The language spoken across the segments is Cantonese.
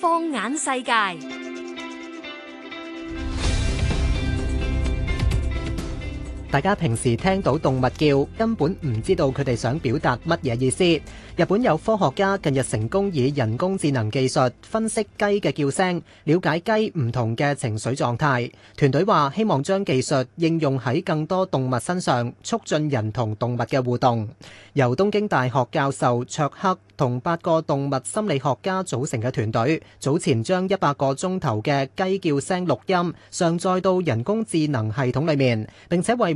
放眼世界。大家平時聽到動物叫，根本唔知道佢哋想表達乜嘢意思。日本有科學家近日成功以人工智能技術分析雞嘅叫聲，了解雞唔同嘅情緒狀態。團隊話希望將技術應用喺更多動物身上，促進人同動物嘅互動。由東京大學教授卓克同八個動物心理學家組成嘅團隊，早前將一百個鐘頭嘅雞叫聲錄音上載到人工智能系統裡面，並且為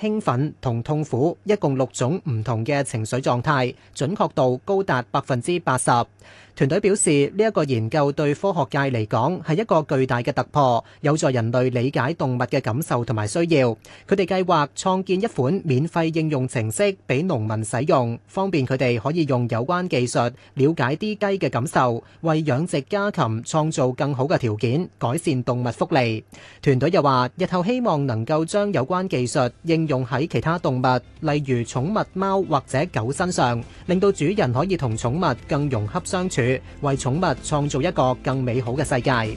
興奮同痛苦一共六種唔同嘅情緒狀態，準確度高達百分之八十。團隊表示，呢一個研究對科學界嚟講係一個巨大嘅突破，有助人類理解動物嘅感受同埋需要。佢哋計劃創建一款免費應用程式俾農民使用，方便佢哋可以用有關技術了解啲雞嘅感受，為養殖家禽創造更好嘅條件，改善動物福利。團隊又話，日後希望能夠將有關技術應用喺其他動物，例如寵物貓或者狗身上，令到主人可以同寵物更融洽相處。為寵物創造一個更美好嘅世界。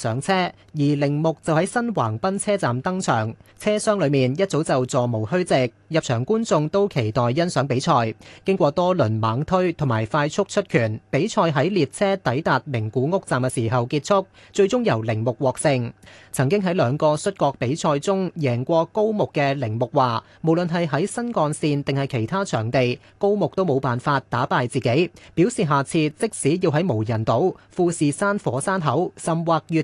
上車，而鈴木就喺新橫濱車站登場。車廂裏面一早就座無虛席，入場觀眾都期待欣賞比賽。經過多輪猛推同埋快速出拳，比賽喺列車抵達名古屋站嘅時候結束，最終由鈴木獲勝。曾經喺兩個摔角比賽中贏過高木嘅鈴木話：「無論係喺新幹線定係其他場地，高木都冇辦法打敗自己。表示下次即使要喺無人島、富士山、火山口甚或越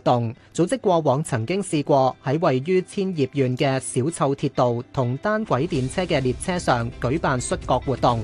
活動組織過往曾經試過喺位於千葉縣嘅小湊鐵道同單軌電車嘅列車上舉辦摔角活動。